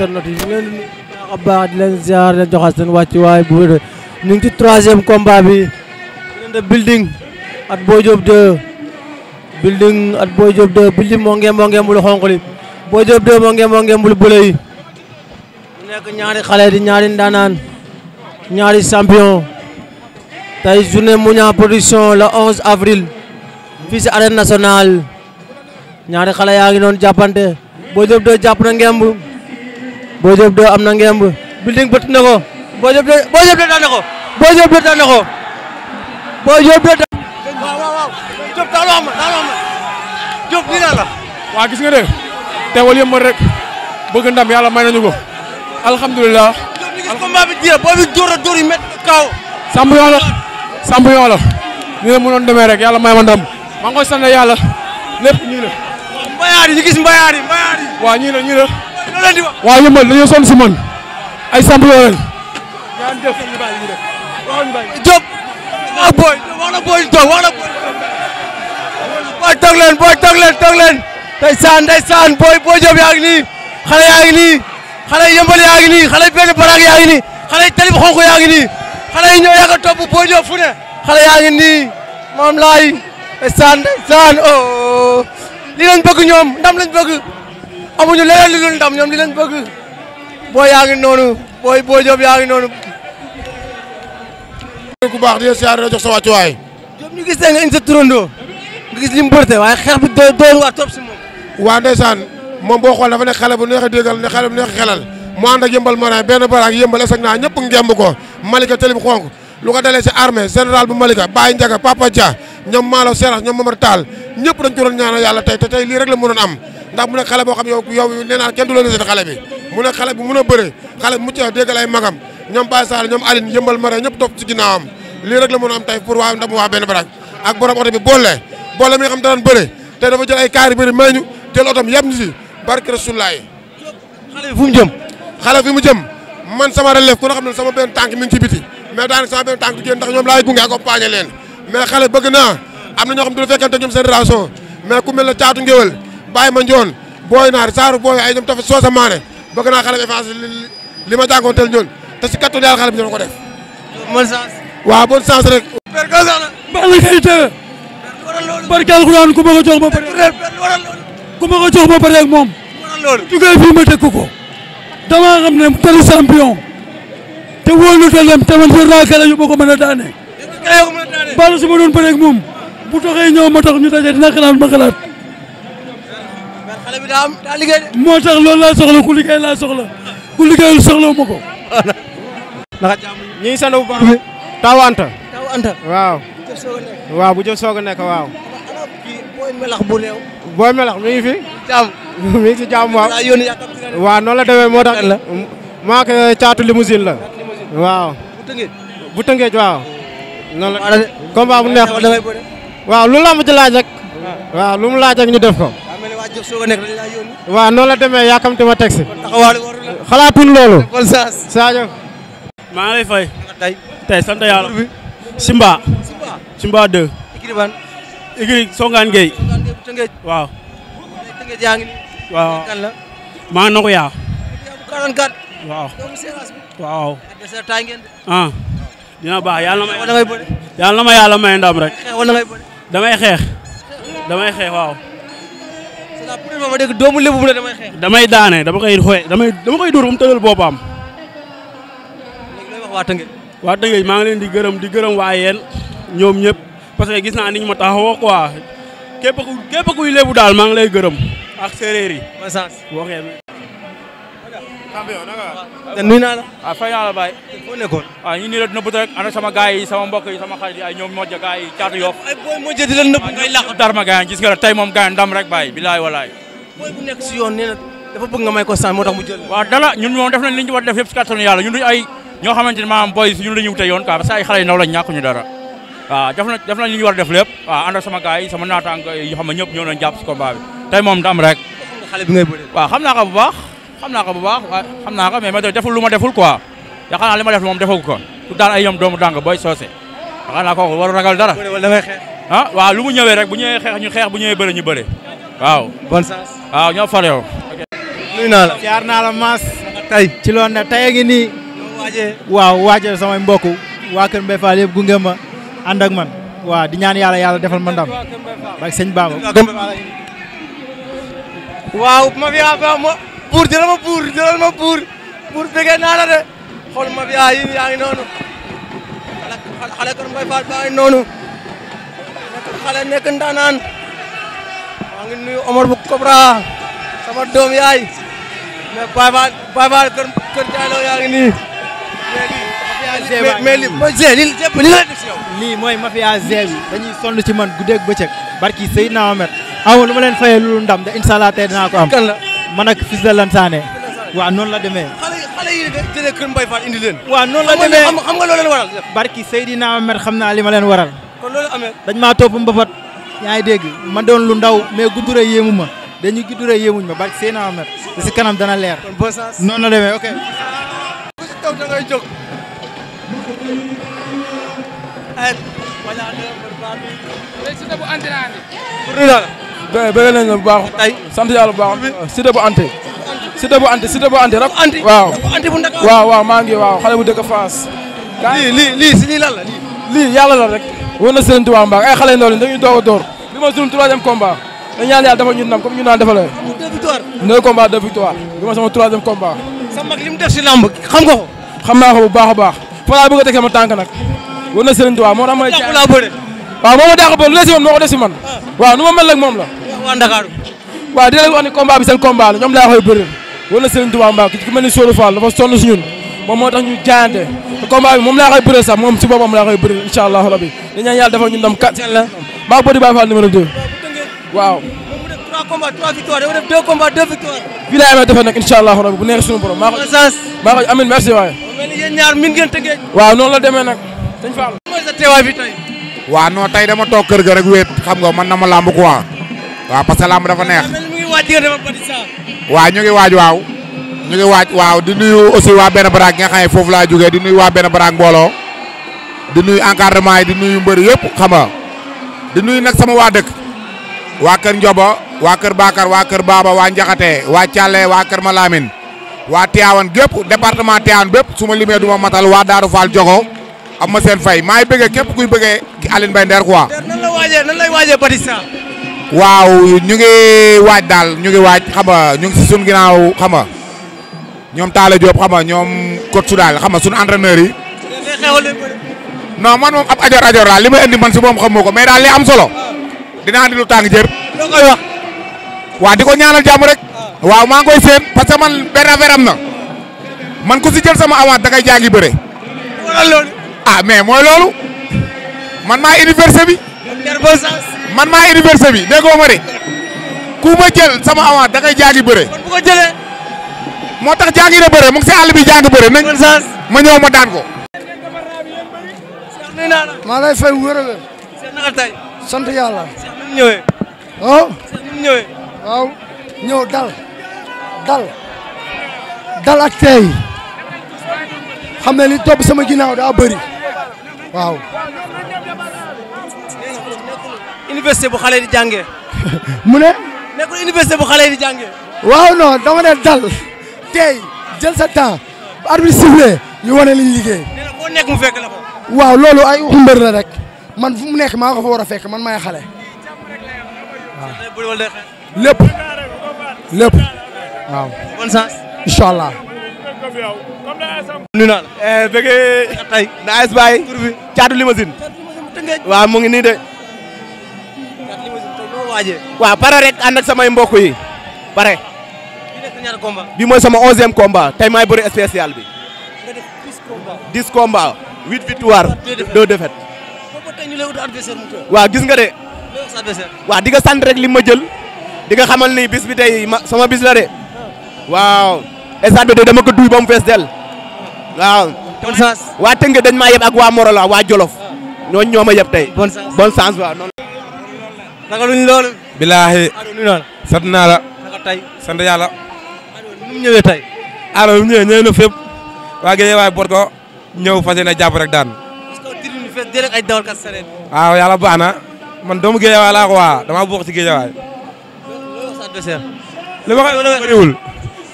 internet yi ñu leen di baax a baax di leen bi leen de building at Boy Diop 2 building at Boy Diop 2 building bul xonq li Boy Diop 2 bul bële nekk ñaari xale di ñaari ndaanaan ñaari champion tey journée Mouniang production le avril fii si arène ñaari xale yaa ngi noonu jàppante Boy Boy Diop 2 am na ngemb building bëtt na ko Boy Diop 2 Boy Diop ko Boy Diop 2 daan na ko Boy Diop 2 waaw waaw waaw la waaw gis nga de teewal yëmbal rek bëgg ndam yàlla may nañu ko alhamdulilah Diop ni gis combat bi jeex boo bi dóor a dóor yu met kaw sambu yoon la sambu yoon la rek yàlla may ma ndam maa ngi koy lépp ñii la mbayaar yi waaw yëmbal dañoo sonn si man ay samp yoo leen. Diop. ah booy wax na booy leen booy saan tey saan booy booy Diop yaa ngi nii xale yaa ngi nii xale yëmbal yaa ngi nii xale benn yaa ngi nii xale talib yaa ngi nii xale a topp booy Diop fu ne. xale yaa ngi nii moom laay tey saan tey saan oh lii lañ bëgg ñoom ndam lañ bëgg. amuñu leneen lu dul ndam ñoom li leen bëgg booy yaa ngi noonu booy booy Diop yaa ngi noonu. ku baax di siyaare jox sa wàccuwaay. Diop ñu gis tey nga indi sa turandoo nga gis li mu bërte waaye xeex bi doy doyul waa topp si moom. waa ndeysaan moom boo xool dafa nekk xale bu neex a déggal ne xale bu neex a xelal mu ànd ak yëmbal marin benn baraak yëmbal esek naa ñëpp ngemb ko Malika tëlim xonk lu ko dalee si armée général bu Malika Baye Ndiaga Papa Dia ñoom Malo Seras ñoom Momar Tall ñëpp dañ ko doon ñaanal tey te tey lii rek la mënoon am ndax mu ne boo xam yow yow nee naa kenn du la lisee xale bi mu ne xale bu mën a bëre xale bu mucc déggal ay magam ñoom Baye Sall ñoom Aline yëmbal mare ñëpp topp ci ginnaawam lii rek la mënoon am tey pour waa ndam baraaj ak borom oto bi boole boole mi nga xam daan bëre dafa jël ay kaari bëri may jël otom yam mu jëm man sama relève ku xam ne sama benn tànk mi ngi ci biti mais daanaka sama benn tànk du ndax ñoom laay gunge accompagné leen mais xale bëgg am na ñoo xam ne du la ñoom seen mais ku mel ne caatu ngéwél bàyyi ma njoon booy naar saaru booy ay ñoom tafa soosa maane bëgg naa xale bi effacé li ma jàngoon teel ñoon te si xale bi dina ko def bonne chance waaw bonne chance rek barke alxuraan ku ma ko jox ba pare ku ma ko jox ba pare ak moom jugee fii ma teg ko damaa xam ne telu champion te wóolu te lem te man yor naa kala yu ma ko a daane. bala su ma doon bëreeg moom bu taxee ñëw ma tax ñu daje dina xalaat ma xalaat. xale bi daa am loolu laa soxla ku liggéey laa soxla ku liggéeyul soxla ma ko. ndax ñu ngi sant bu baax. taw Anta. waaw. bu jëf soog a waaw booy melax mi ngi fi. jàmm mi waaw. waaw noonu la demee moo tax. maa ko caatu limousine la. waaw. bu tëngeej waaw. noonu la combat bu neex. waaw lu lamb ci laaj rek. lu mu laaj rek ñu def ko. waaw noonu la demee yaakamti ma teg si. xalaatuñ loolu. Sadio. maa ngi lay fay. tey sant yàlla. Simba. Simba 2. Igri Tëngéej waaw. Tëngéej yaa ngi nii. waaw kan la. maa ngi nokku yaa. waaw. waaw. ah. dina baax yàlla na ma yàlla na ma yàlla may ndam rek. damay xeex. damay xeex waaw. c'est la première fois ma dégg doomu lébu bu ne damay xeex. damay daane dama koy xooy damay dama koy dóor ba mu tëral boppam. waa Tëngéej. waa Tëngéej maa ngi leen di gërëm di gërëm waa yéen ñoom ñëpp parce que gis naa ni ñu ma taxawoo quoi. képp ku képp kuy lébu daal maa ngi lay gërëm ak séeréer yi. ma sens waxee lu. champion naka la. nuyu naa la. waaw ah, ah, nii la nëbb rek ana sama gars yi sama mbokk yi sama xarit ay ñoom mojja gars yi caatu yof. ay booy mojja di la nëbb ngay làq. darma gars gis nga tey moom gars dam rek Baye bilaay walaay. booy bu nekk si yoon nee na dafa bëgg nga may ko sànni moo tax mu jël. waaw dara ñun moom ñu ñoo xamante ne maanaam booy si ñun la ñu yoon quoi parce que ay xale yu ndaw lañ ñu dara waaw def na def na li ñu war a def lépp waaw ànd ak sama gars yi sama naataango yi xam ne ñëpp ñoo doon jàpp si combat bi tey moom ndam rek. xale bi ngay bëri. waaw xam naa ko bu baax xam naa ko bu baax waaye xam naa ko mais ma deful lu ma deful quoi yaakaar naa li ma def moom defagu ko ku daan ay yom doomu dàng booy soose yaakaar naa kooku waru ragal dara. ah waaw lu mu ñëwee rek bu ñëwee xeex bu ñëwee bëre ñu bëre waaw. bonne chance waaw ñoo far yow. nuyu naa la jaar naa la maas. tey ci loon ne tey a ngi nii. waaw waajal samay mbokk waa Kër Mbaye yëpp gunge ma ànd man waaw di ñaan yàlla yàlla defal ma ndam bak sëñ Baba waaw mafia ba ma buur jëlal ma buur jëlal ma buur buur bëggee naa la de xool mafia yi yaa ngi noonu xale xale kon Mbaye Fall baa ngi noonu nekk xale nekk ndaanaan maa ngi nuyu Omar bu Cobra sama doom yaay mais Baye Fall Baye kër kër Diallo yaa nii mais li lii mooy mafia Zé bi dañuy sonn ci man guddeeg bëccëg barki Seydina Mohamed amul lu ma leen fayee loolu ndam da incha allah tey dinaa ko am. la man ak fils la demee. xale yi xale yi jëlee kër Mbaye Fall indi leen. waaw noonu la demee xam nga loo leen waral. barki Seydina Mohamed xam naa li ma leen waral. kon loolu dañ maa topp mbapat. yaa ngi dégg ma doon lu ndaw gu guddure yéemu ma dañu guddure yéemuñ ma barki Seydina Mohamed. si kanam dana leer. noonu la demee ok. da ngay jóg. Siteu bu ante naa ne. bëgg nañ la bu baax. tey sant yàlla bu baax. Siteu bu ante. Siteu bu ante Siteu bu ante rab. ante waaw ante bu ndakaaw. waaw waaw maa ngi waaw xale bu dëkk Faas. lii lii lii si lii lan la lii. lii yàlla la rek. wóor na Serigne Touba Mbacke ay xale ndaw lañ dañuy doog a door. bi ma sunu troisième combat. dañ ñaan yàlla dafa ñun nam comme ñu naan dafa la. deux victoire. deux combat deux bi ma sama troisième combat. sa li mu def si lamb xam ko. xam naa ko bu baax a baax. fa laa bëgg a teg sama tànk nag war na Serigne Touba moo tax ma jàpp laa bëre waaw moo ma dàq bëre lu ne si man moo ko def si man ah. waaw nu ma moom la waa Dakar waaw di wax ni combat bi seen combat la ñoom laa koy bëre war na Serigne Touba mbaa ku mel ni Soulou Fall dafa sonn si ñun moom moo tax ñu jaayante te combat moom laa koy bëre sax moom si boppam laa koy bëre incha kat la maa Body Baye Fall numéro 2 waaw trois combats trois victoires dafa def bu neexee suñu borom maa ko mel ni yéen waaw noonu la demee nag. sëñ Fall tey. dama toog kër ga rek wéet xam nga man na ma làmb quoi. waaw parce que làmb dafa neex. mu ngi waaj diggante ak Batista. waaw ñu ngi waaj waaw. ñu ngi waaj waaw di nuyu aussi waa benn baraag nga xam ne foofu laa jógee di nuyu waa benn baraag mbooloo. di nuyu encadrement yi di nuyu mbër yëpp xam nga di nuyu nag sama waa dëkk. waa kër Njoba waa kër Bakar waa kër Baba waa Njaxate waa Thialé waa kër Malamine waa Tivaouane gépp département Tivaouane bépp su ma limee du ma matal waa Daaru Fall Jogo am ma seen fay maay bëggee képp kuy bëggee Alioune Mbaye Nder quoi. nan la waajee nan lay waaw ñu ngi waaj daal ñu ngi waaj xam nga ñu ngi si suñu ginnaaw xam nga ñoom Talla Diop xam nga ñoom coach su daal xam nga suñu entraîneur yi. non man moom ab ajoor ajoor daal li may indi man si moom xamoo ko mais daal li am solo. dinaa andi lu tàng jër. waa di ko ñaanal jàmm rek. waaw maa ngi koy seet parce que man benn affaire am na man ku si jël sama avance dangay jàngi bëre. ah mais mooy loolu man maa université bi. man maa université bi déggoo ma de ku jël sama avance dangay jàngi bëre. bu ko jëlee. moo tax jàngi na bëre mu si àll bi jàngi bëre nañ. ma ñëw ma daan ko. maa lay fay wér sant yàlla. dal dal ak tey xam ne li topp sama ginnaaw daa bëri waaw. université bu xale di jàngee. mu ne. nekkul université bu xale di jàngee. waaw non dama ne dal tey jël sa temps ba arbitre sifflé ñu wane li liggéey. nekk mu fekk la ko. waaw loolu ay waxu la rek man fu mu nekk ma ko fa war a fekk man maay xale waaw lépp waaw bonne chance. incha allah. nuyu naa la. Eh, bëgg naa bi caatu limousine. waaw mu ngi nii de. waaw pare rek ànd samay mbokk yi pare. bi mooy sama onzième combat tey maay bëri spécial bi. dix combats huit victoires deux défaites. waaw gis nga de. waaw di nga rek li ma jël. di xamal ni bis bi tey sama bis la de. waaw. stade bi dama ko duy ba fees del waaw. waa Tëngéej dañ maa yeb ak waa Morola waa Jolof. ñooñu ñoo ma yeb tey. bonne chance bonne chance waaw sant naa la. naka tey sant yàlla. nu mu ñëwee tey. alors bu ñëwee waa Guèye waaye bor ko ñëw fas yéene jàpp rek daan. waaw yàlla baax na man doomu Guèye waaye laa ko waa damaa bokk ci Guèye waaye. loolu ma ko bëriwul.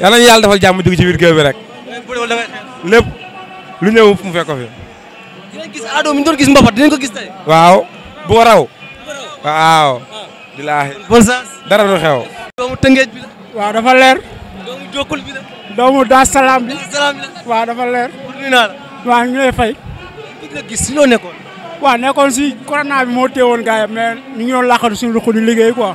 yal nañu yàlla defal jàmm dugg ci biir géew bi rek. lépp lu ñëw mu fekk ko fi. dinañ gis Ado mi ñu doon ko gis tey. waaw bu ko raw. waaw. bilaahi dara du xew. doomu Tëngéej bi Salaam bi. waaw dafa leer. nuyu naa ñu lay fay. gis nga gis si loo nekkoon. waaw nekkoon si corona bi moo téewoon gars yi mais ñu ngi doon laqatu suñu ruq di liggéey quoi.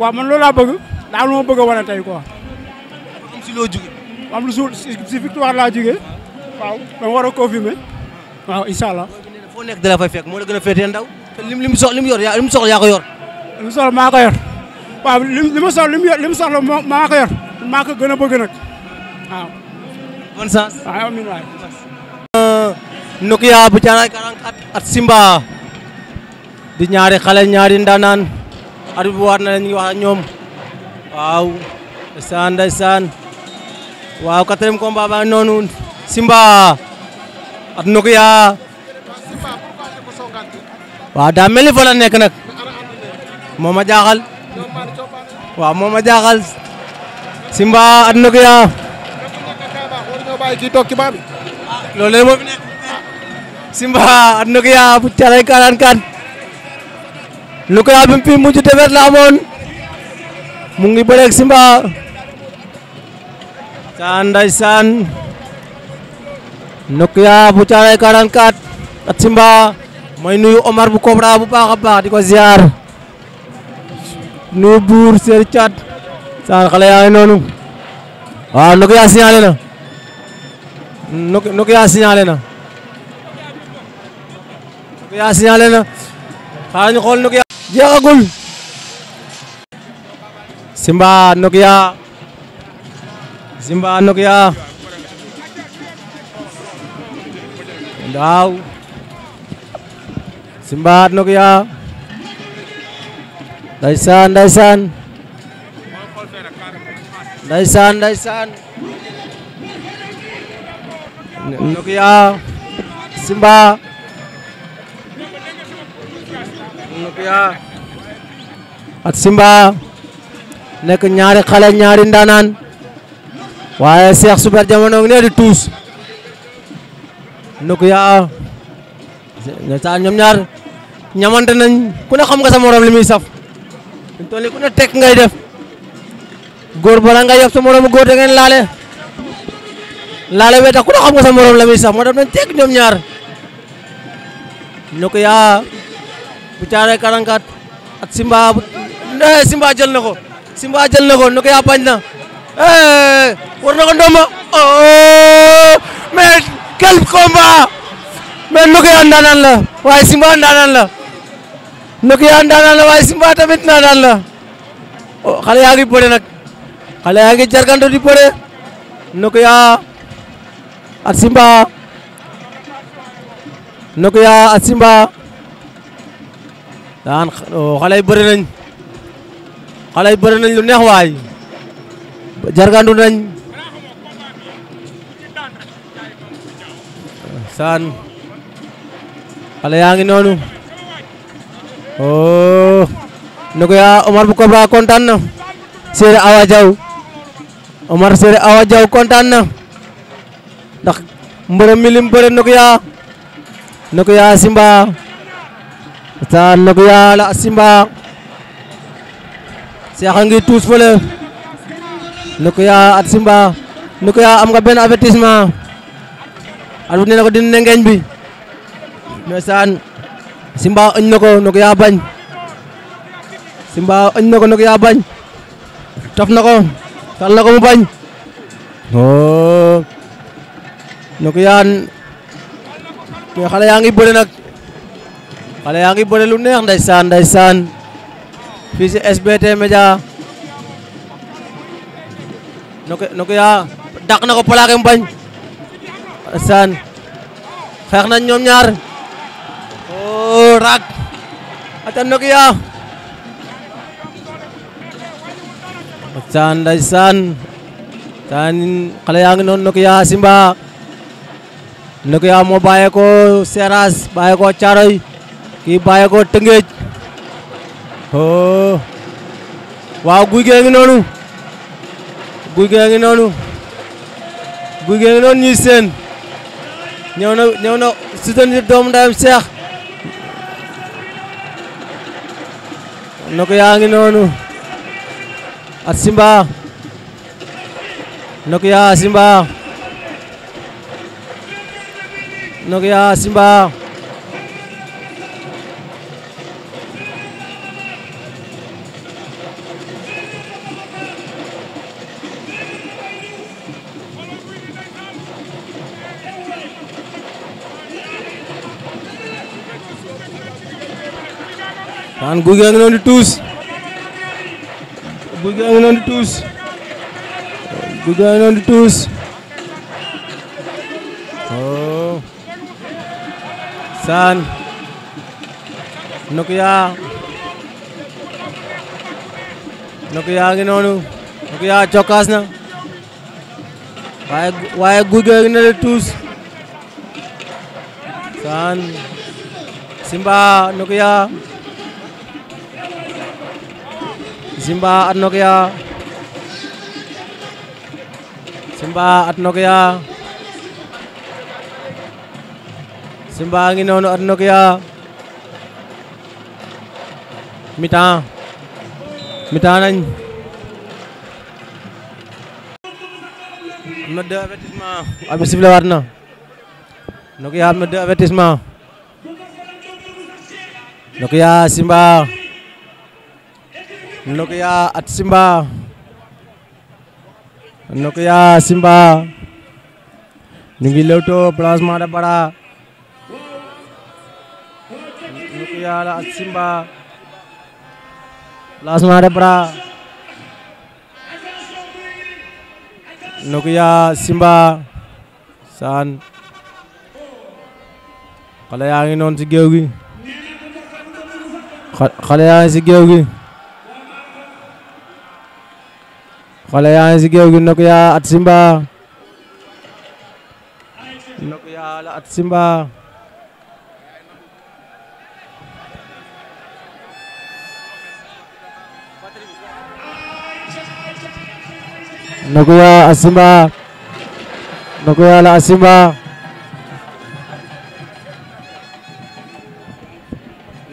waaw man loolu laa bëgg. daal moo bëgg a wane tey quoi. am si loo jugee. am victoire laa jugee. waaw dama war a confirmer. waaw incha allah. foo nekk dala fay fekk moo la gën a féetee ndaw. te lim lim soxla lim yor yaa lim soxla yaa ko yor. maa ko yor. waaw lim li ma soxla lim maa ko yor. maa ko gën a bëgg nag waaw. bonne chance. waaw amiin waay. Euh, Nokia at Simba di ñaari xale ñaari ndaanaan at bu war na ñu wax ak ñoom. waaw ndeysaan ndeysaan waaw quatrième combat ba noonu Simba at Nokia waaw daa mel ni fa la nekk nag moo ma jaaxal waaw moo ma jaaxal Simba at Nokia loolu leen moo fi nekk Simba at Nokia bu caray kaaraan kan Nokia bi mu fi mujj defet la amoon mu ngi bëreeg Simba ca ndeysaan Nokia bu caaray 44 at Simba may nuyu Omar bu Kobra bu baax a baax di ko ziar nuyu buur Seeri Caat saan xale yaa ngi noonu waaw Nokia signalé na Nokia signalé na Nokia signalé na xaaral ñu xool Nokia jeexagul Simba Nokia Simba Nokia ndaw Simba Nokia ndaysaan ndaysaan ndaysaan ndaysaan Nokia Simba Nokia at Simba nekk ñaari xale ñaari ndaanaan waaye Cheikh Super Diamono ngi ne di tuus Nokia ndeysaan ñoom ñaar ñamante nañ ku ne xam nga sa morom la muy saf ñu toll ku ngay def góor bala ngay yof sa moromu góor da ngeen laale laale wee tax ku ne sa morom la muy saf moo def nañ tek ñoom ñaar Nokia bu caaree karankat at Simba Simba jël na ko Simba jël na ko Nokia bañ na eh, war na ko ndomba oh mais quel combat mais Nokia ndaanaan la waaye Simba ndaanaan la Nokia ndaanaan la waaye Simba tamit ndaanaan la oh xale yaa ngi bëre nag yaa ngi jargando di bëre Nokia ak Simba Nokia ak Simba daan oh, xale yi bëre nañ xale yi bëri nañ lu neex waay jargandu nañ saan xale yaa ngi noonu oh ne yaa Omar bu Cobra kontaan na Séré Awa Diaw Omar Séré Awa Diaw kontaan ndax mbërëm mi lim bëre yaa ne yaa Simba saan ne yaa la Simba Seexa ngi tuus fële Nokiya at Simba Nokiya am nga benn avertissement arbitre nee na ko dina ngeeñ bi ndeysaan Simba ëñ na ko Nokiya bañ Simba ëñ na ko Nokiya bañ taf na ko tal mu bañ oh Nokiya mais xale yaa ngi bëre nag xale yaa ngi bëre lu neex ndeysaan ndeysaan fii si SBT Média Nokia dàq na ko plaqué mu bañ saan xeex nañ ñoom ñaar oo oh, raak ata Nokia saan day saan saan xale yaa ngi noonu Nokia Simba Nokia moo bàyyee ko Seras bàyyee ko Caaroy kii bàyyee ko Tëngéej waaw guy gee ngi noonu guy gee ngi noonu guy gee ngi noonu ñuy seen ñëw na ñëw na soutenir doomu ndayam Cheikh na yaa ngi noonu at Simba na yaa Simba na yaa Simba naan guy gi a ngi noonu tuus guy gi ngi noonu tuus oo saan Nokiya Nokiya a ngi noonu oh. Nokiya cokkaas na waaye waaye guy gi ngi noonu tuus saan Simba Nokiya Simba at Nokia Simba at Nokia Simba ngi noonu at Nokia mi-temps mi-temps nañ am na deux avertissement abi sifle Nokia am na deux avertissement Nokia Simba Nokia at Simba Nokia Simba ñu ngi lewto placement bara Nokia la at Simba placement de bara Nokia Simba saan xale yaa ngi noonu ci géew gi yaa ngi ci géew gi xale yaa ngi si géew gi Nokia at Simba Nokia la at Simba Nokia at Simba Nokia la at Simba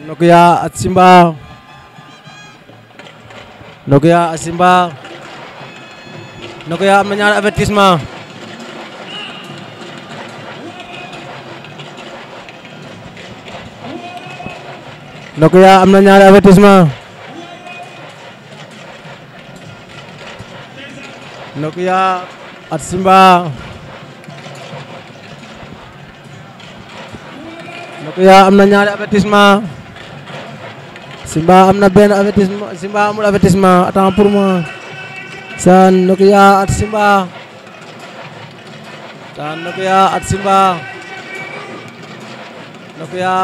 Nokia at Simba Nokia at Simba Noko yaa am na ñaari avertissement Noko yaa am na ñaari avertissement Noko yaa at Simba Noko yaa am na ñaari avertissement Simba am na benn avertissement Simba amul avertissement attends pour moi saan Nokia at Simba saan Nokia at Simba Nokia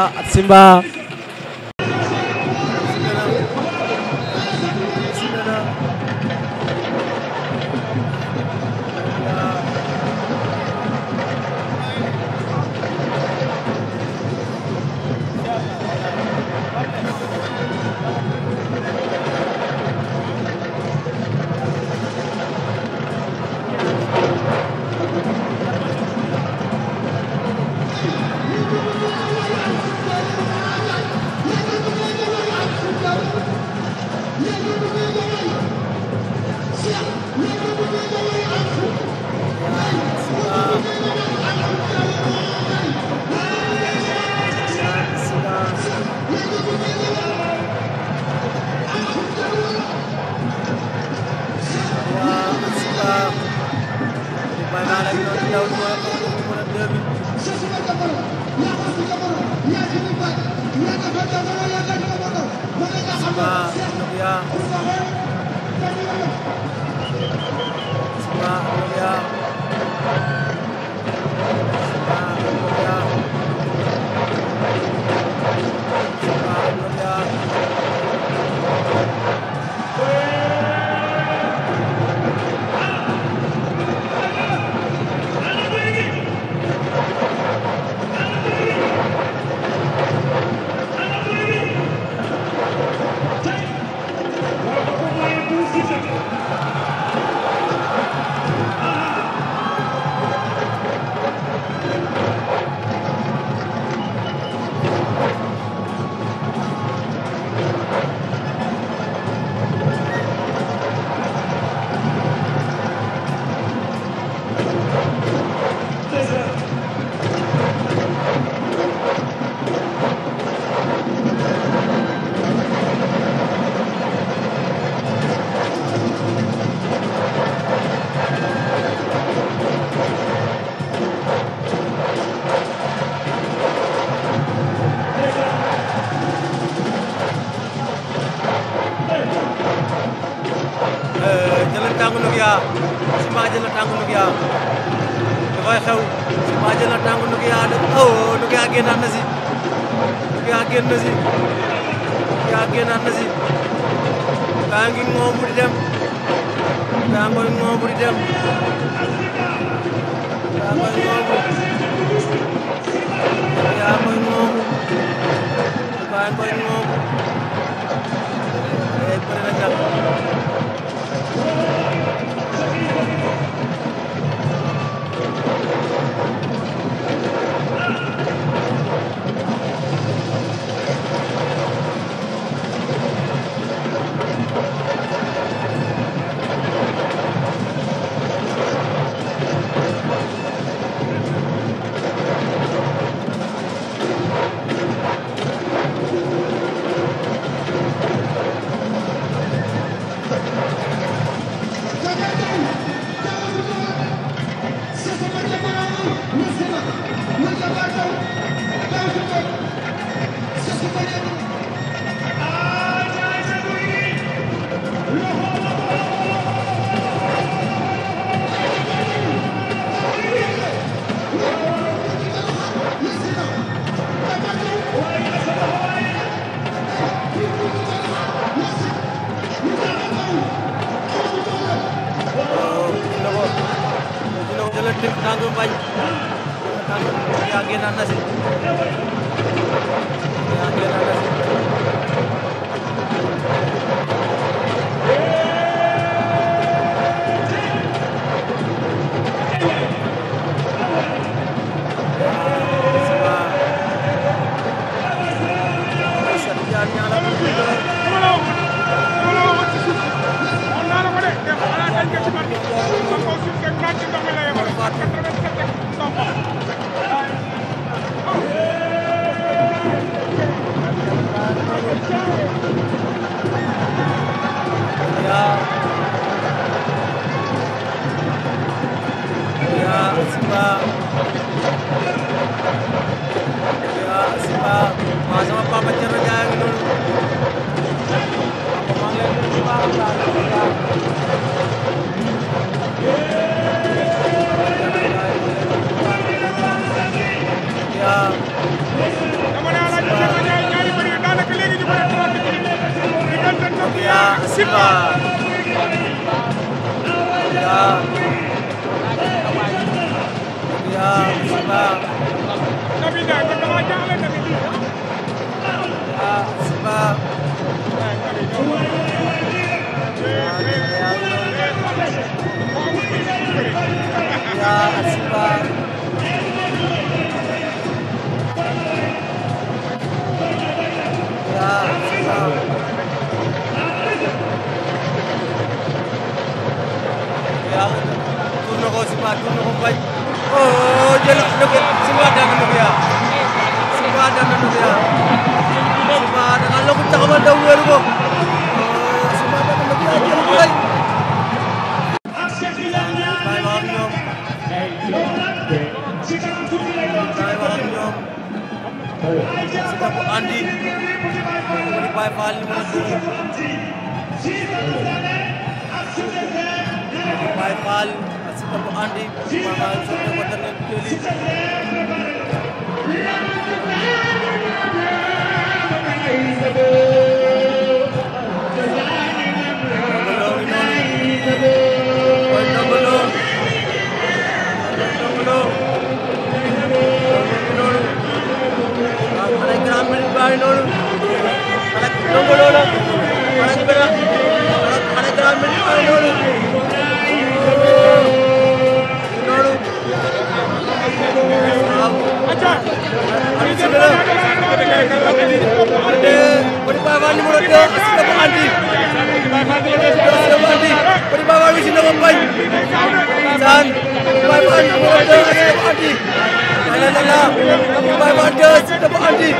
Siteu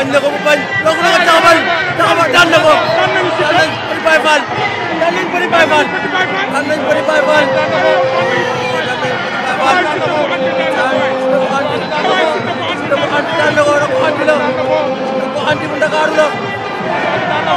añ na ko mu bañ donc na ko taxawal taxawal daan na ko daan nañu bëri Baye Fall daan nañu bëri Baye Fall daan nañu bëri Baye Fall daan nañu bëri Baye Fall daan na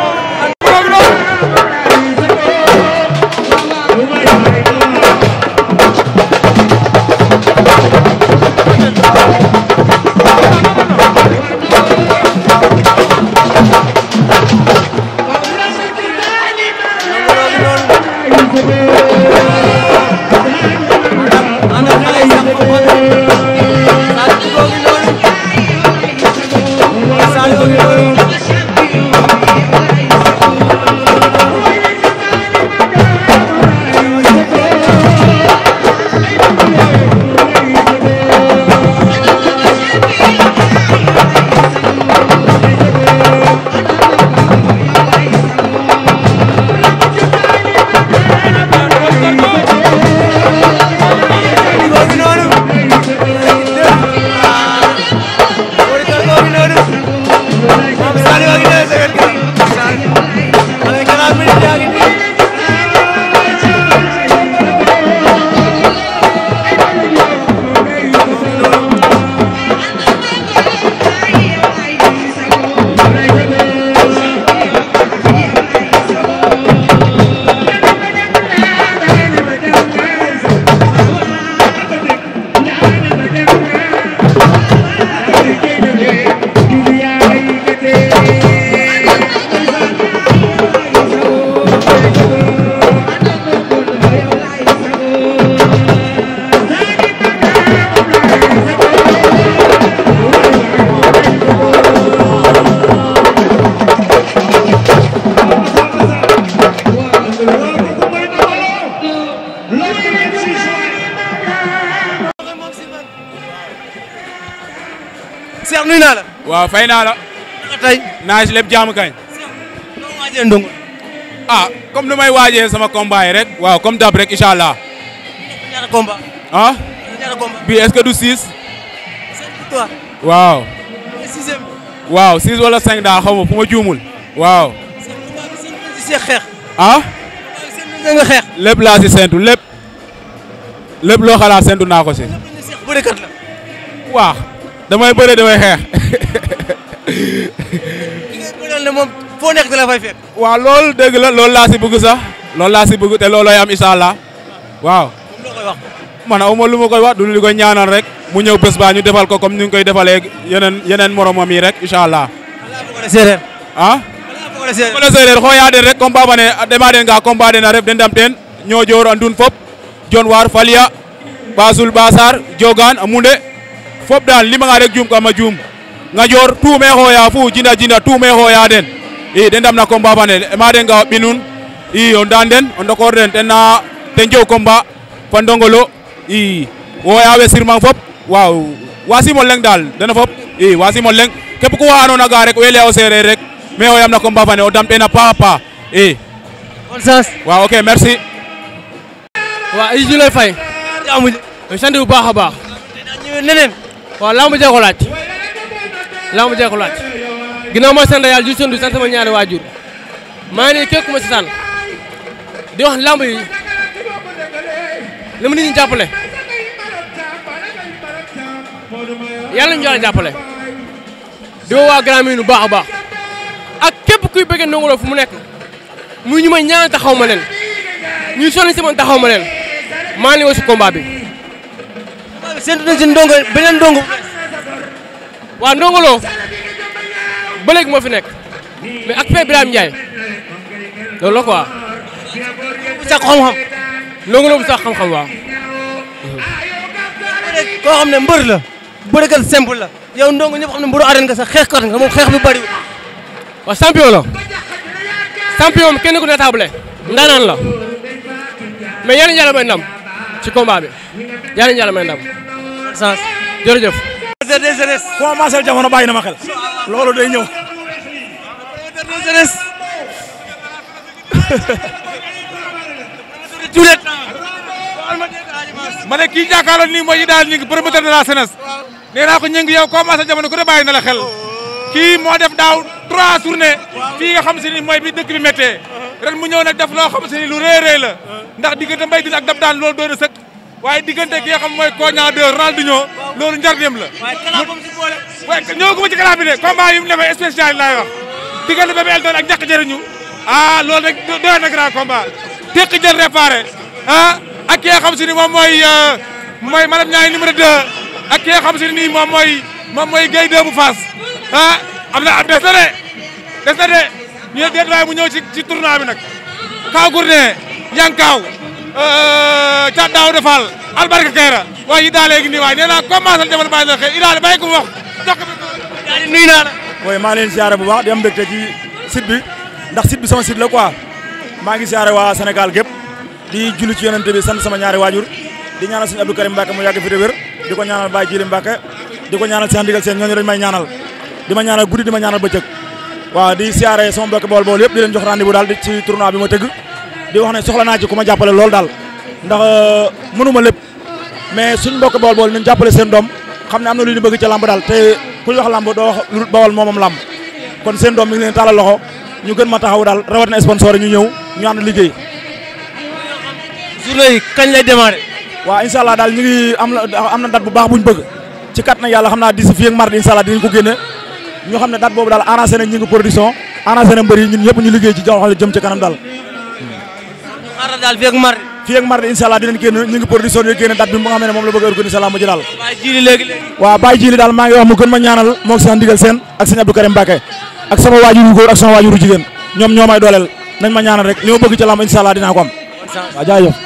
waaw fay naa la. naa si lépp jaamu kañ. ah comme nu may waaje sama combat rek. waaw comme dab rek incha allah. ah. bi est-ce que du 6. waaw. waaw 6 wala daal xaw ma fu ma juumul. waaw. ah. laa si séntu lépp. lépp loo xalaat séntu naa ko si. waaw damay bëre damay xeex. li moom foo nekk la fay fekk. waaw loolu dëgg la loolu laa si bëgg sax loolu laa te looloo am incha allah waaw. man aw ma lu ma koy wax du li koy ñaanal rek mu ñëw bés ñu defal ko comme ni nga koy defalee yeneen yeneen moromam yi rek incha allah. ah. wala séeréer xooyaden rek comme baba ne demaden ga comme baden a ref den ndam teen ñojoor a ndun fop jon waar falya basul basar jogaan a munde fop daal limanga rek juum kam a juum gaƴor tout me xooya fu jina jina tout me xooya den i de ndamna combat fane ma den ga ɓinun i o ndan den o ndokoor den tena ten jew combat fa ndongolo i woya we sirmang fop waaw wa simo leng daal dena fop i wa simo leng kep ku wa andoona ga rek we laya o seereer rek me xoyam na combat fane o damten a a paax i bonne waaw ok merci waaw i Julay Faye a muj sant bu baax a baax neneen waaw lamb jego laaj lamb jeexul laaj ginnaaw mooy sant yàlla ju sëndu sant ñaari waajur maa ngi nii ma si saan di wax lamb yi li mu nit ñi jàppale yàlla ñu di woo waa Grand Médine bu baax a baax ak képp kuy bëggee Ndongo mu nekk mu ñu ma ñaan taxaw ma leen ñuy sonn si man taxaw ma leen maa ngi woo si combat bi. combat bi séntu nañ si ndongo beneen ndongo. waaw Ndongo Lo ba moo fi nekk mais ak Père Birahim Ndiaye loolu la quoi. sax xam-xam. Ndongo Lo bu xam-xam waaw. koo xam ne mbër la bërëkat simple la yow ndongo ñëpp xam ne mbëru arène nga sax xeexkat nga moom xeex bi bëriwul. waaw champion la champion kenn ku ne table ndaanaan la mais yal na yàlla ci combat bi yal na yàlla may ndam. promoteur des jeunesse. commencé na ma xel. loolu day ñëw. promoteur des jeunesse. tout ma ne kii jàkkaarloo nii mooy daal ñu ngi promoteur de la jeunesse. nee naa ko ñu yow commencé jamono ku ne bàyyi na la xel. kii moo def daaw trois tournées. fii nga xam si ni mooy bii dëkk bi méttee. ren mu ñëw nag def loo xam si ni lu rëy a rëy la. ndax diggante mbay din ak dab daan loolu doo na sëkk. waaye diggante ki nga xam mooy Kogna 2 Ronaldinho loolu njardeem la. waaye kalaa ko mu si boole. waaye ñëwaguma ci kalaa bi de mu defee ak ñàkk jëriñu ah loolu nag doy na grand combat tekk ah, ak ki xam si ni moom mooy euh, mooy madame Ndiaye numéro ak ki xam si ni moom mooy moom mooy Guèye 2 bu Fass ah am na des na de des de ñu ne waaye mu ñëw si ci tournoi bi nag Kaaw Gourdin Yankaaw. Euh, Cat Daaw Defal albarka Kayra waaye Ida léegi nii waaye nee naa commencé defal bàyyi la xëy Ida bàyyi ko wax jox ko. yaa ngi naa la. oui maa leen ziare bu baax di am mbégte ci site ndax site bi sama site la quoi maa ngi ziare waa senegal gépp di julli ci yonent bi sant sama ñaari waajur di ñaanal suñu Abdou Karim Mbacke mu yàgg fi te wér di ko ñaanal Baye Djili Mbacke di ko ñaanal seen ndigal seen ñooñu dañu may ñaanal di ma ñaanal guddi di ma ñaanal bëccëg waaw di ziare sama mbokk bool bool yëpp di leen jox rendez-vous bi ma tëgg di wax na soxla naa ci ku ma jàppale loolu daal ndax euh, mënuma lépp mais suñ mbokk bool bool nañ jàppale seen doom xam ne am na lu ñu bëgg ci làmb daal te ku wax làmb doo wax lu moomam làmb kon seen doom mi ngi leen taalal loxo ñu gën ma taxaw daal rawatina sponsor ñu ñëw ñu ànd liggéey. journée yi kañ lay démarré. waaw incha daal ñu ngi am na am na date bu baax bu ñu bëgg ci kat na yàlla xam naa d'ici fii ak mardi incha allah ko génne ñu xam ne date boobu daal arrangé ñu ngi production arrangé na mbër yi ñun ñëpp ñu liggéey ci jox jëm ci kanam daal fii ak mardi fii ak mardi incha allah dinañ production yi génn date bi mu moom la bëgg a organiser làmb ji daal bàyyi jiili léegi léegi waaw bàyyi jiili daal maa ngi wax ma ñaanal moog seen ndigal seen ak sëñ Abdou Karim ak sama waajuru góor ak sama waajuru jigéen ñoom ñoo may dooleel ma ñaanal rek li ma bëgg ci làmb incha allah dinaa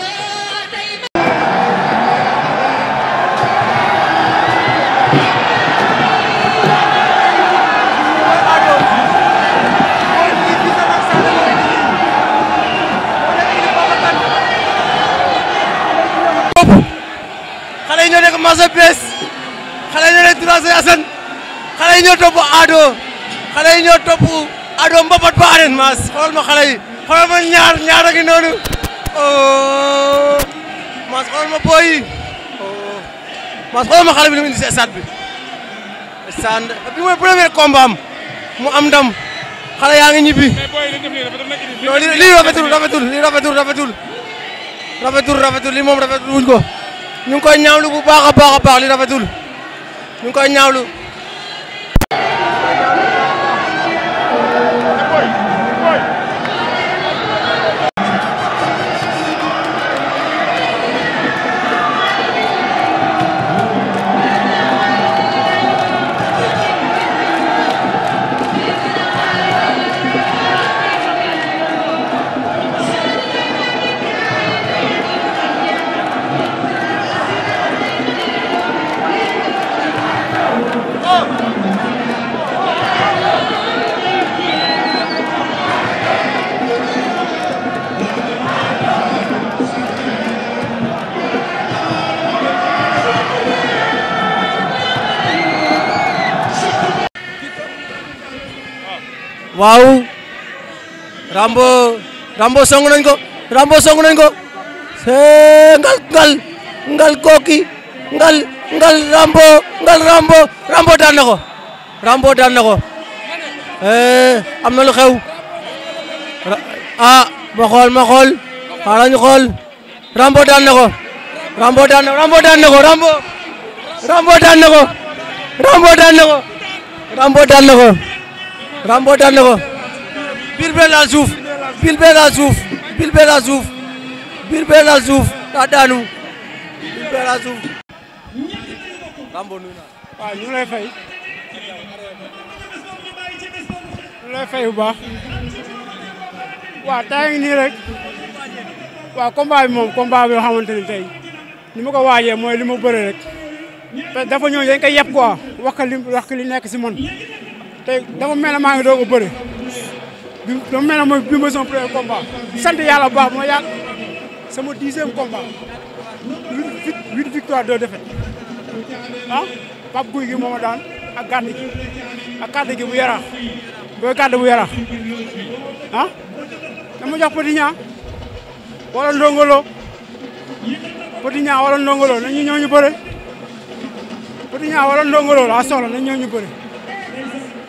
ñoo topp Ado xale yi ñoo Ado mbapat ba arène mas xoolal ma xale yi xoolal ma ñaar ñaar a ngi noonu oh. mas xoolal ma booy yi oh. mas ma xale bi nu mu indi si stade bi stade bi mooy premier am mu am ndam xale yaa ngi ñibbi non lii rafetul rafetul lii rafetul rafetul rafetul moom rafetul wuñ ko ñu ngi koy ñaawlu bu baax a baax lii rafetul ñu ngi koy ñaawlu waaw Rambo Rambo song nañ ko Rambo song nañ ko see ngal ngal ngal kooki Rambo ngal Rambo Rambo daan na ko Rambo daan na ko am na lu xew ah ma xool ma xool xaaral ñu xool Rambo daan na Rambo daan na Rambo daan na Rambo Rambo daan Rambo daan na Rambo daan na ko. biir bee laal suuf. biir bee laal suuf. biir bee laal suuf. biir biir bee laal suuf. Rambo nuyu naa. waaw ñu lay fay. ñu lay fay bu nii rek. waaw combat bi moom combat bi nga tey ni ma ko waajee mooy li ma bëre rek. dafa ñëw dañ koy yeb quoi wax li nekk si man. te dama mel ne maa ngi doog a bëri bi dama mel ne mooy ma son premier combat sant yàlla bu baax ma yàgg sama dixième combat huit huit victoire deux défaites ah Pape Guy gi moo daan ak gàdd gi ak gàdd gi bu yaraax booy gàdd bu yaraax ah dama jox Petit Niang wala ndongolo Petit Niang wala ndongolo nañu ñëw ñu bëre Petit Niang wala ndongolo laa soxla nañu ñëw bëre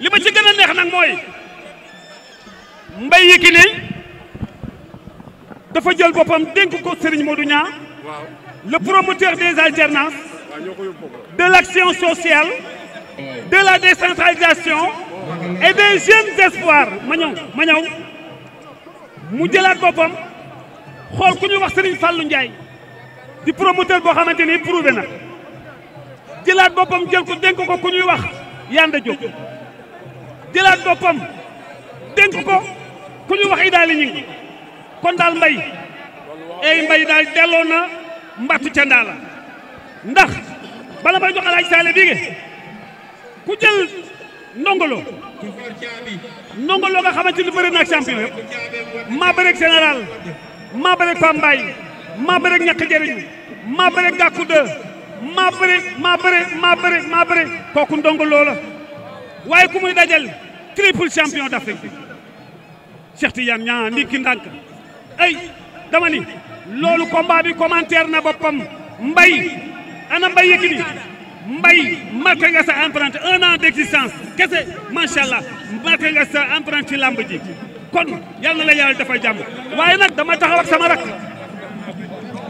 li ma ci gën a neex nag mooy Mbaye Yékini dafa jël boppam dénk ko sëriñ Modou Niang le promoteur des alternances de l'action sociale de la décentralisation et des jeunes espoirs ma ñëw mu jëlaat boppam xool ku ñuy wax Serigne Fallou Ndiaye di promoteur boo xamante ni prouvé na jëlaat boppam jël ko dénk ko ku ñuy wax Yanda Diop jëlaat boppam dénk ku ñu wax Idaly Gningue kon daal mbay ey mbay daal delloo na mbattu ca ndaa la ndax bala may jox alaaj ku jël ndongolo ndongolo nga xamante ni bëri na ak champion yëpp maa bëreeg général maa bëreeg Fambaay maa bëreeg ñàkk maa bëreeg gàkku de maa bëreeg maa bëreeg maa bëreeg kooku ndongolo waaye ku muy dajal triple champion d'Afrique bi Cheikh Tidiane ñaa ndikki ndànk ay loolu combat bi commentaire na boppam mbay ana mbay Yékini mbay marqué nga sa empreinte un an d'existence kese macha allah marqué sa empreinte ci làmb ji kon yàlla na la yàlla dafa jàmm waaye nag dama taxaw ak sama rak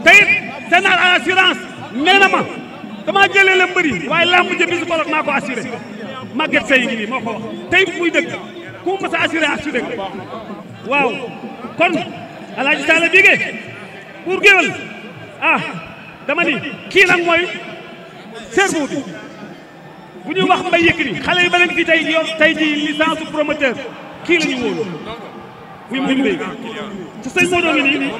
te it sénar à assurance nee na ma dama jëlee la mbëri waaye làmb ji bisu ko rek maa ko assuré Maguette Seye ngi nii moo ko tey muy dëgg ku mas a assuré ak waaw kon alaaji Taala Bigué pour géwél ah dama ni kii nag mooy serveur bi bu ñuy wax mbay Yékini xale yi ba leen fi tey yor tey ji licence promoteur kii la ñu wóolu muy muy mbay te sëñ Modou ngi nii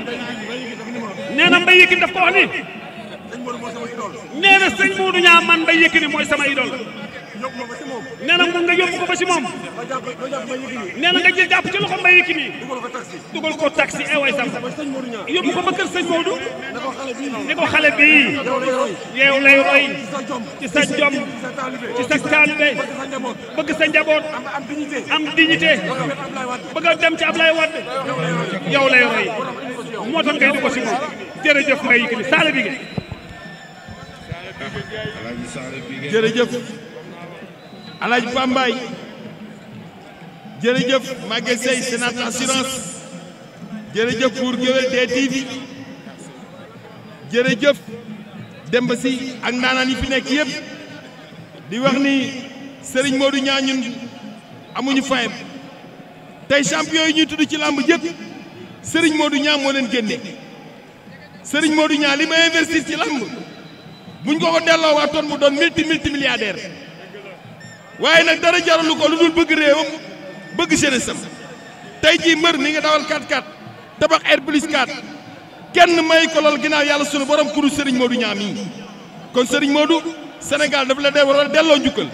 nee na mbay Yékini daf ko wax ni nee na sëñ Modou ñaa man mbay Yékini mooy sama idole nee na mun nga yóbbu ko ba si moom. nee na nga jël jàpp ci loxo mbay Yékini. dugal ko taxi ay eh waay sam yóbbu ko ba kër sa Maodo. ni ko xale bii. yow lay roy. ci sa jom ci sa taalibe bëgg sa njaboot. am dignité. bëgg a dem ci Ablaye Wade. yow lay roy. moo tax ngay du ko si moom. jërëjëf mbay Yékini saale bi ngeen. jërëjëf. alaaj pambaay jërëjëf Maguette Seye Sénat assurance jërëjëf pour géwél DTV jërëjëf Demba si ak naanaan yi fi nekk yëpp di wax ni Serigne Modou Niang ñun amuñu fayam tey champion yi ñuy tudd ci làmb yëpp moo du ñaa moo leen génne moo Modou Niang li ma investir ci làmb ñu ko ko delloo waatoon mu doon multi multi milliardaire waaye nag dara jaralu ko lu dul bëgg réewam bëgg jeunesse am tey jii mbër mi nga dawal 4-4 tabax air kenn may ko lool ginnaaw yàlla sunu borom kuru Serigne Modou ñaam yi kon Serigne Modou Sénégal daf la dee war a delloo njukkal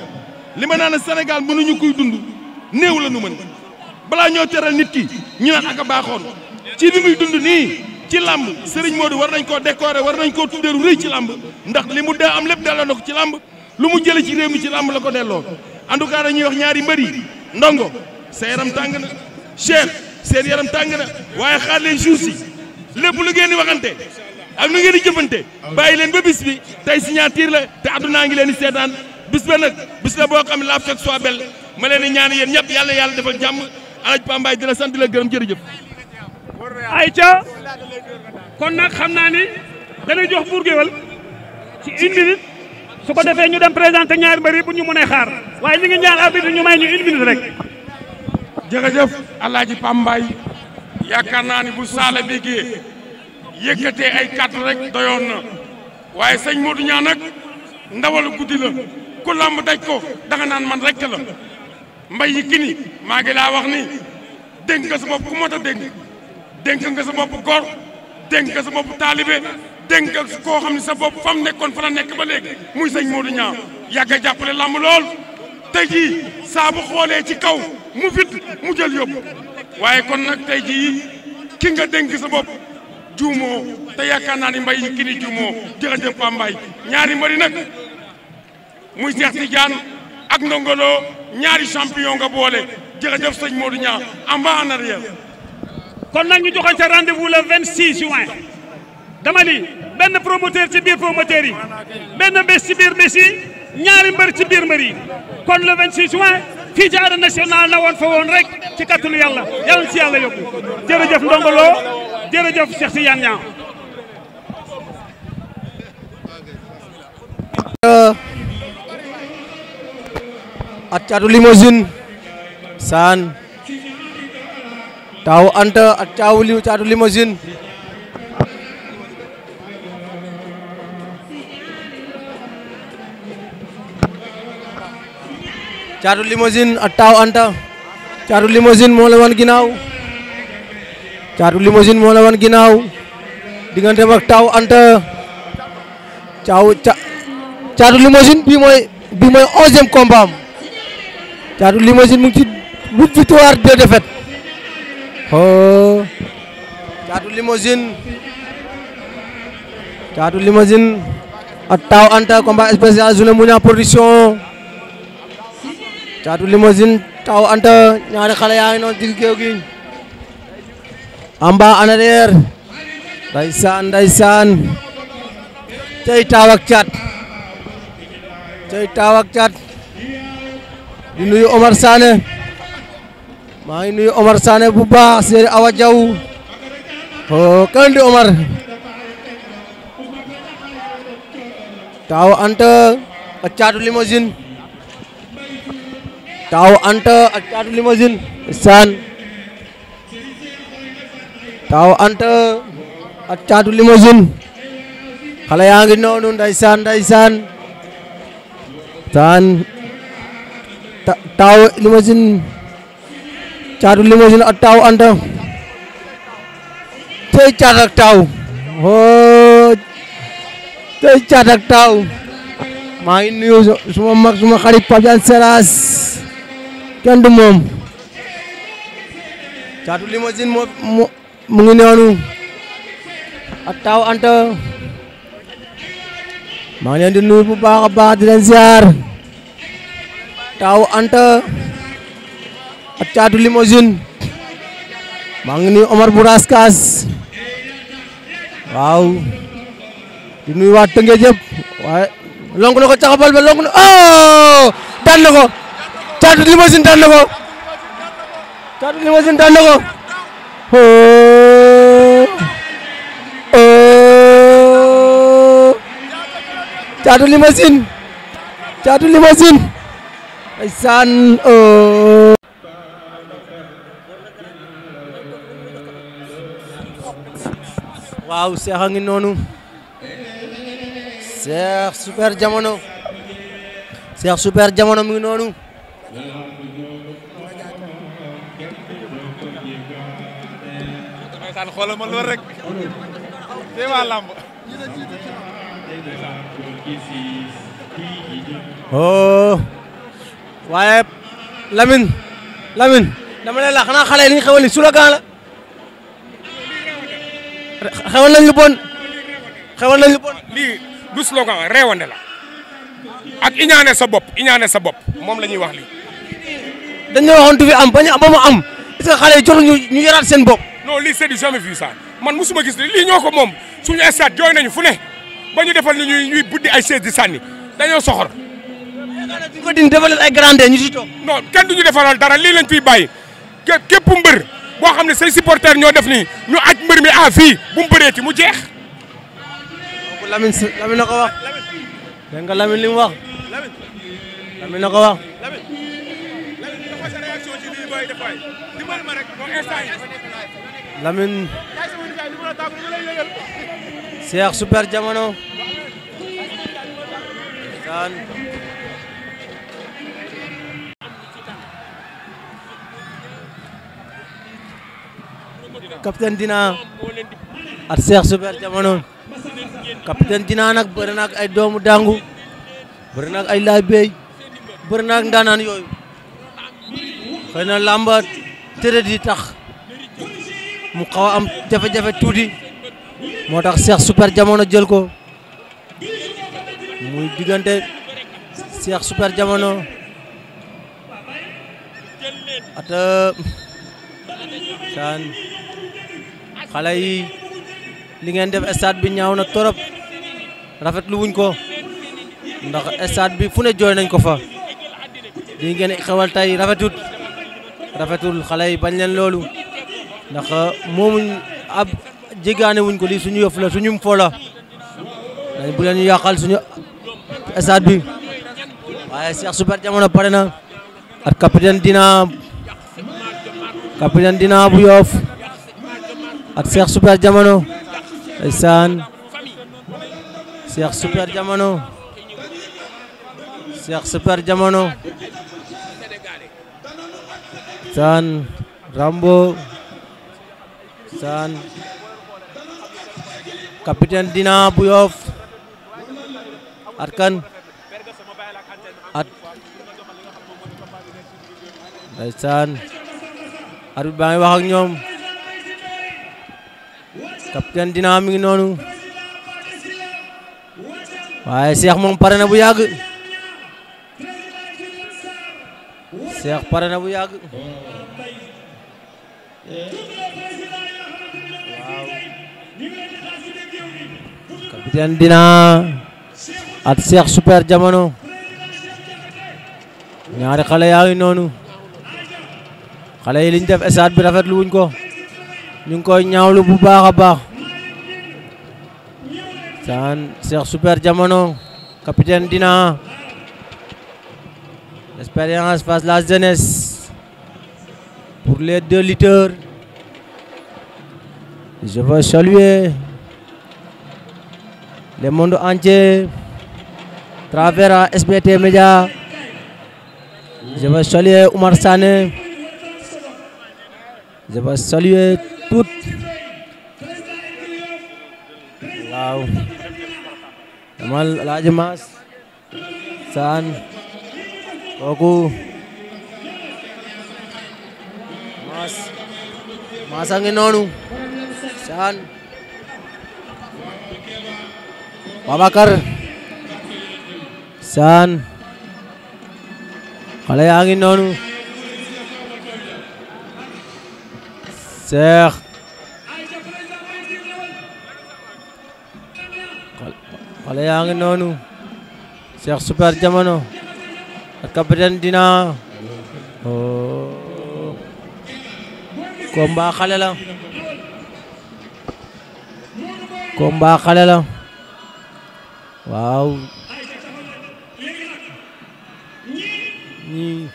li ma naan Sénégal mënuñu kuy dund néew la nu mën balaa ñoo teral nit ki ñu naan ak a baaxoon ci bi muy dund nii ci làmb moo Modou war nañ koo décorer war nañ koo tuddeeru rëy ci làmb ndax li mu dee am lépp delloo na ko ci làmb lu mu jëlee ci réew mi ci làmb la ko delloo en tout cas dañuy wax ñaari mbër ndongo sa yaram tàng na Cheikh seen yaram tàng na waaye xaar leen jours yi lépp lu ngeen di waxante ak lu ngeen di jëfante bàyyi leen ba bis bi tey signature la te naa ngi leen di seetaan bis ba nag bis la boo xam ne laaf fekk soo bel ma leen ñaan yéen ñëpp yàlla yàlla defal jàmm alaj pambaay di la sant di la gërëm ay ayca kon nag xam naa ni dana jox buur géwal ci une minute su ko defee ñu dem présenté ñaari mbër yi bu ñu mënee xaar waaye ñu ngi ñaan arbitre ñu may ñu une minute rek. jërëjëf El Hadj Pambaay yaakaar naa ni bu saala bégee yëkkatee ay kàddu rek doyoon na waaye sëñ Modou Niang nag ndawal guddi la ku làmb daj ko danga naan man rek la mbay yi kini maa ngi laa wax ni dénk nga sa bopp ku mot a dénk nga sa bopp góor dénk nga sa bopp taalibe. dénk ak koo xam ne sa bopp fam nekkoon kon la nekk ba léegi muy sëñ Modou ñaa yàgg a jàppale làmb lool tey jii saa bu xoolee ci kaw mu fit mu jël yóbbu waaye kon nag tey jii ki nga dénk sa bopp juumoo te yaakaar naa ni mbay ki ni juumoo jërëjëf ñaari mbëri nag muy Cheikh Tidiane ak Ndongolo ñaari champion nga boole jërëjëf sëñ Modou Niang en bas en arrière kon nag ñu joxe ca rendez-vous le 26 dama ni benn promoteur ci biir promoteur yi benn mbés ci biir mbés yi ñaari mbër ci biir mbër yi kon le 26 juin fii ci arène nationale na woon fa woon rek ci kattanu yàlla yàlla si yàlla yóbbu jërëjëf Ndongo Lo jërëjëf Cheikh Tidiane Niang. ak caatu limousine saan Anta ak taawu li caatu limousine. caatu limousine ak taaw anta caatu limousine moo la wan ginnaaw caatu limousine moo la wan ginnaaw digganteem ak taaw anta caatu limousine bii mooy bii mooy onzième combat am caatu limousine mu ngi ci huit victoires deux défaites oh. caatu limousine caatu limousine ak taaw anta combat spécial journée Mouniang production caatu limousine taw anta ñaari xale yaa ngi noonu digg géew gi amba ana deer ndeysaan ndeysaan tey taaw ak caat tey taaw ak caat di nuyu Omar Sané maa ngi nuyu Omar Sané bu baax seeri Awa Jaw oh kan di Omar taaw anta ak caatu limousine taaw Anta ak caatu limousine saan ak caatu limousine xale yaa ngi noonu ndeysaan ndeysaan saan taaw limousine caatu limousine ak taaw Anta tey caat ak taaw oo tey caat maa ngi nuyu suma mag suma xarit Pape Diagne Seras kenn du moom caatu limousine moo mu ngi noonu ak taw anta maa ngi di nuyu bu baax a baax di leen ziar taw anta ak caatu limousine maa ngi nuyu Omar Bouraskas waaw di nuyu waa Tëngéej yëpp waaye lonk ko caxabal ba lonk na oh daan ko Caatu Limousine daan na ko Caatu Limousine daan na ko oh. Oh. Caatu Limousine Caatu ay saan oh. waaw Cheikh a ngi noonu Cheikh super jamono Cheikh super jamono mu ngi noonu ndeysaan xoolal ma lool rek tey waa làmb dama ne la xanaa xale yi li ñu xewal nañ lu bon xewal lii du slogan réewande la ak iñaane sa bopp iñaane sa bopp moom la wax lii dañ ne waxoon du fi am bañ ba mu am est-ce que xale yi jotuñu seen bopp. non lii c'est du jamais vu ça man musuma gis lii ñoo ko moom suñu stade jooy nañu fu ne ba ñu defal ni ñuy ñuy buddi ay chaise di sànni dañoo soxor. bu ñu ko dindi defal ay grandeur ñu ci toog. non kenn du ñu defaral dara lii lañ fiy bàyyi képp mbër boo xam ne say supporters ñoo def ni ñu aj mbër mi à fii bu mu bëreeti mu jeex. Lamine Lamine na ko wax. dégg nga Lamine li mu wax. ko wax. Lamine seex Super Diamono daan capitaine dina ak Cheikh Super Diamono capitaine dina nag bëri ay doomu dangu bëri na ak ay laay beey bëri yooyu xëy na làmba tërët yi tax mu xaw a am jafe-jafe tuuti moo tax Cheikh Super Jamono jël ko mu diggante Cheikh Super Jamono at saan xale yi li ngeen def stade bi ñaaw na torop rafetlu wuñ ko ndax stade bi fu ne jooy nañ ko fa li ngeen xewal tey rafetut rafetul xale yi bañ leen loolu ndax moomuñ ab jéggaane wuñ ko lii suñu yëf la suñu fo la dañ bu leen yàqal suñu stade bi waaye Cheikh Super Diamono pare na ak capitaine dina capitaine dina bu yoof ak Cheikh Super Diamono ndeysaan Cheikh Super Diamono Cheikh Super saan Rambo saan capitaine Dina bu Yoff at kan at ndeysaan arbitre baa ngi wax ak ñoom capitaine Dina mi ngi noonu waaye Cheikh moom pare na bu yàgg Cheikh pare na bu yàgg waaw capitaine dina ak Cheikh super jamono ñaari xale yaa noonu xale yi liñ def esaat bi rafetlu wuñ ko ñu ngi koy ñaawlu bu baax a baax saan Cheikh super jamono capitaine dina L'expérience face à la jeunesse. Pour les deux lutteurs, je veux saluer le monde entier, travers SBT Media. Je veux saluer Oumar Sane. Je veux saluer toutes. Wow. Jamal Lajimas. San. kooku maas maas a ngi noonu saan Babacar saan xale yaa ngi noonu seex xale yaa ngi noonu seex super jamono capitaine dina combat oh. xale la combat xale la waaw ñi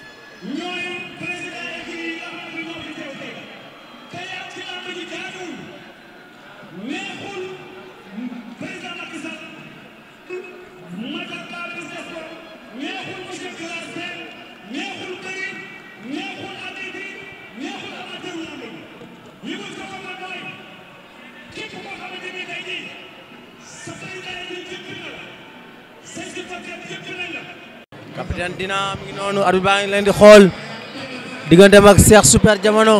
dina mi ngi noonu arbitre baa ngi leen di xool digganteem ak Cheikh Super Jamono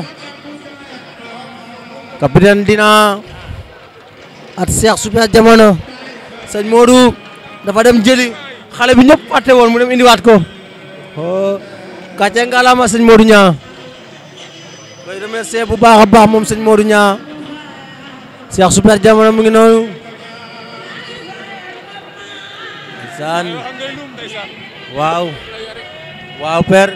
capitaine dina at Cheikh Super Jamono sëñ Modou dafa dem jëli xale bi ñëpp atte woon mu dem indiwaat ko oh, gàcce ngalaama sëñ Modou Niang koy remercier bu baax a baax moom sëñ Modou Niang Cheikh Super Jamono mu ngi noonu saan waaw waaw père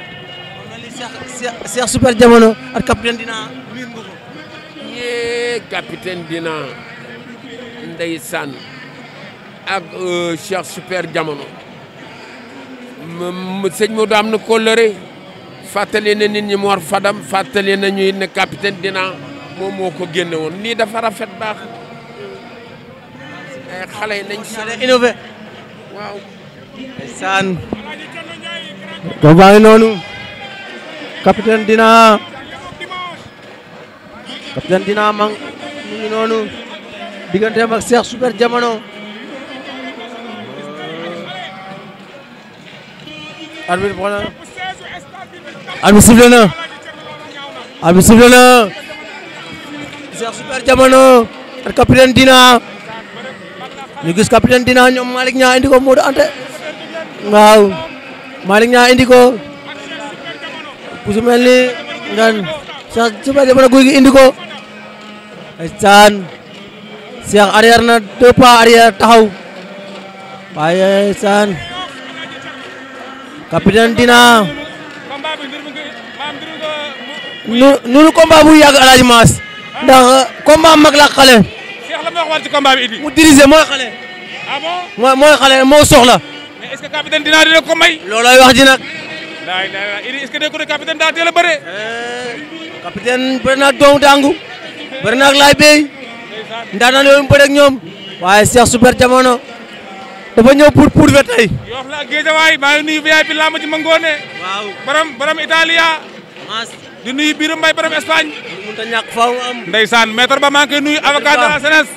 Cheikh super jamono ak capitaine dina miir nga ko yee capitaine dina ndeysaan ak euh, Cheikh super jamono sëñ Modou am na kóllëre fàttali na nit ñi Mor Fadam fàttali na ñuy ne capitaine dina moom moo ko génne woon nii dafa rafet baax eh, xale yi nañ si innové waaw. ndeysaan ko bàyyi noonu capitaine dina capitaine dina mang mu ngi noonu digganteem ak Super Jamono arbitre boo na Jamono ak capitaine dina ñu gis capitaine dina ñoom Malick ñaa indi ko Modou Anta waaw Malick Niang indi ko mel ni ngan Cheikh Super Diamano na deux pas arrière taxaw waaye saan capitaine dina nunu combat bu Alaaji Maas ndax combat mag la xale mu diriger mooy xale ah mooy xale moo soxla est-ce que capitaine dinaa dina ko may. loolooy wax ji nag. daay daay daay est-ce que déggu ne capitaine daa teel a bëre. Eh, capitaine bëri na ak doomu dàngu. yooyu mu bëri ñoom. waaye Cheikh Super Jamono. dafa ñëw pour pour ba tey. yoof la ak géejawaay maa ji ma ngoone. waaw di nuyu biiru mbay borom Espagne. mënut ba maa ngi nuyu avocat de la jeunesse.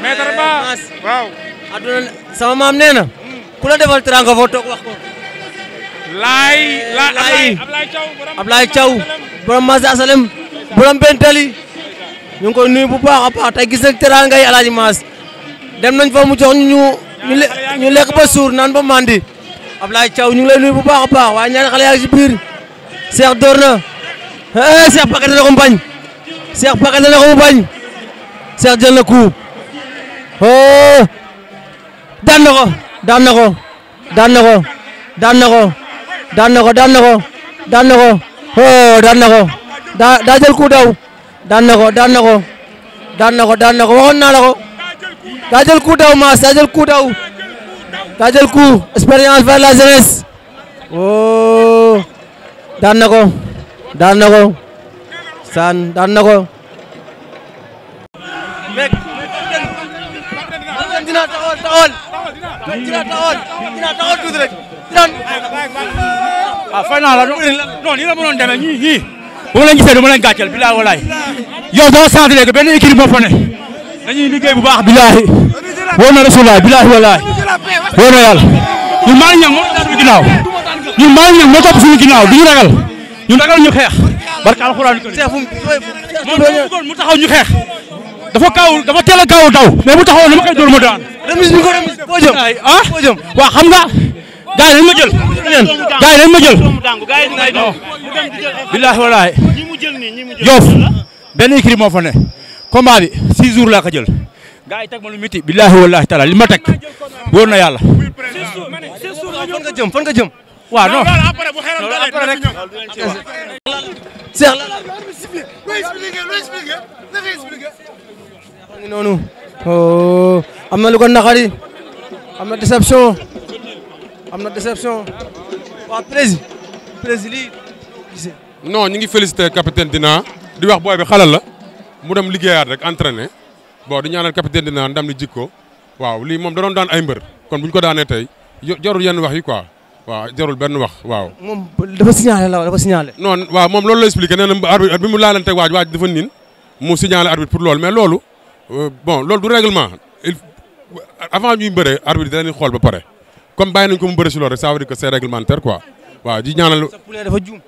ba eh, waaw. sama maam nee ku la defal teraanga foo toog wax ko. laay laay Ablaye Thiaw borom Massa Salem borom Bentali ñu ngi nuyu bu baax a baax tey gis nañ teraanga yi Alaaji Maas dem nañ fa mu jox ñu ñu lekk ba suur naan ba mandi Ablaye Thiaw ñu ngi lay nuyu bu baax a baax waaye ñaari xale yaa ngi ci biir na eh Cheikh Pakete ko mu bañ Cheikh ko mu bañ Cheikh na coup oh daan ko. daan na daan na ko daan na ko daan na ko daan na ko daan na ko oh na ko daa daajal jël daw daan na ko daan na ko daan na ko daan na ko naa la ko daa jël ku daw maas daa jël daw daa jël expérience vers la jeunesse oh daan na ko daan na saan daan na dinaa taxawoon dinaa taxawoon tuuti rek dinaa. Ah, la non nii la ma doon demee ñii ñii. bu ma leen gisee du ma leen gàcceel bilaay walaay. yow doo sant léegi benn équipe moo fa ne. dañuy liggéey bu baax bilaay. wóor na rasulaay bilaay walaay. wóor na yàlla. ñun maa ngi ñëw moo topp suñu ginnaaw. ñun maa ngi moo topp suñu ginnaaw du ñu ragal. ñun ragal ñu xeex. barke alxuraan. seex fu mu seex mu taxaw ñu xeex. dafa kaawul dafa teel a kaawul daw mais bu taxawoon dama koy dóor ma daan. remise bi ko remise ah? xam nga gars yi dañ ma jël. gars yi dañ ma jël. billaahi wallaahi Yoff benn écrit moo fa ne combat bi six jours laa ko jël. gars yi teg ma lu miti li ma teg na yàlla. fan jëm fan nga jëm. ngi noonu oh, am na lu ko naqari am na déception am na déception waaw prési prési lii gisee non ñu ngi félicité capitaine Dina di wax booy bi xalal la mu dem liggéeyaat rek entraîné bon di ñaanal capitaine Dina ndam li jikko waaw lii moom da doon daan ay mbër kon bu ñu ko daanee tey jarul yenn wax yi quoi waaw jarul benn wax waaw. moom dafa signalé la dafa signalé. non waaw moom loolu la expliqué nee na arbitre bi mu laalante waaj waaj dafa niin mu signalé arbitre pour loolu mais loolu. Euh, bon loolu du reglement il avant ñuy bëre arbitre dinañu xool ba pare comme bàyyi nañ ko mu bëre si loolu rek sa veut dire que c'est réglementaire quoi waaw di ñaanal. sa dafa juum.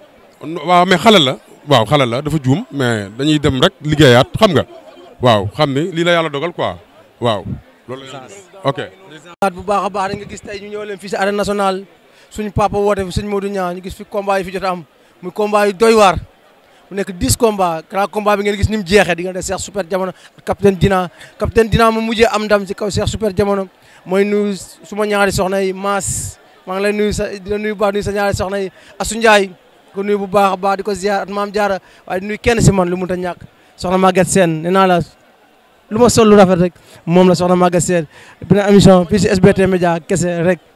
waaw mais xalal la waaw xalal la dafa juum mais dañuy dem rek liggéeyaat xam nga waaw xam ni lii la yàlla dogal quoi waaw. loolu la ok. bu baax a baax da nga gis tey ñu ñëw leen fii si arène nationale suñu papa woote fi sëñ Modou Niang ñu gis fi combat yi fi jot am muy combat doy waar. mu nekk 10 combats grand bi ngeen gis ni mu jeexee di nga def Cheikh Super Jamono ak capitaine Dina capitaine Dina mu mujjee am dam ci kaw Cheikh Super Jamono mooy nuyu suma ñaari soxna yi Maas maa ngi lay nuyu sa di la nuyu bu baax nuyu sa ñaari soxna yi ko nuy bu baax a baax di ko ziar at maam jaara waaye di nuyu kenn si man lu mun a ñàkk soxna Maguette Sène nee naa la lu ma sol lu rafet rek moom la soxna Maguette Sène beneen émission fii si SBT Média kese rek.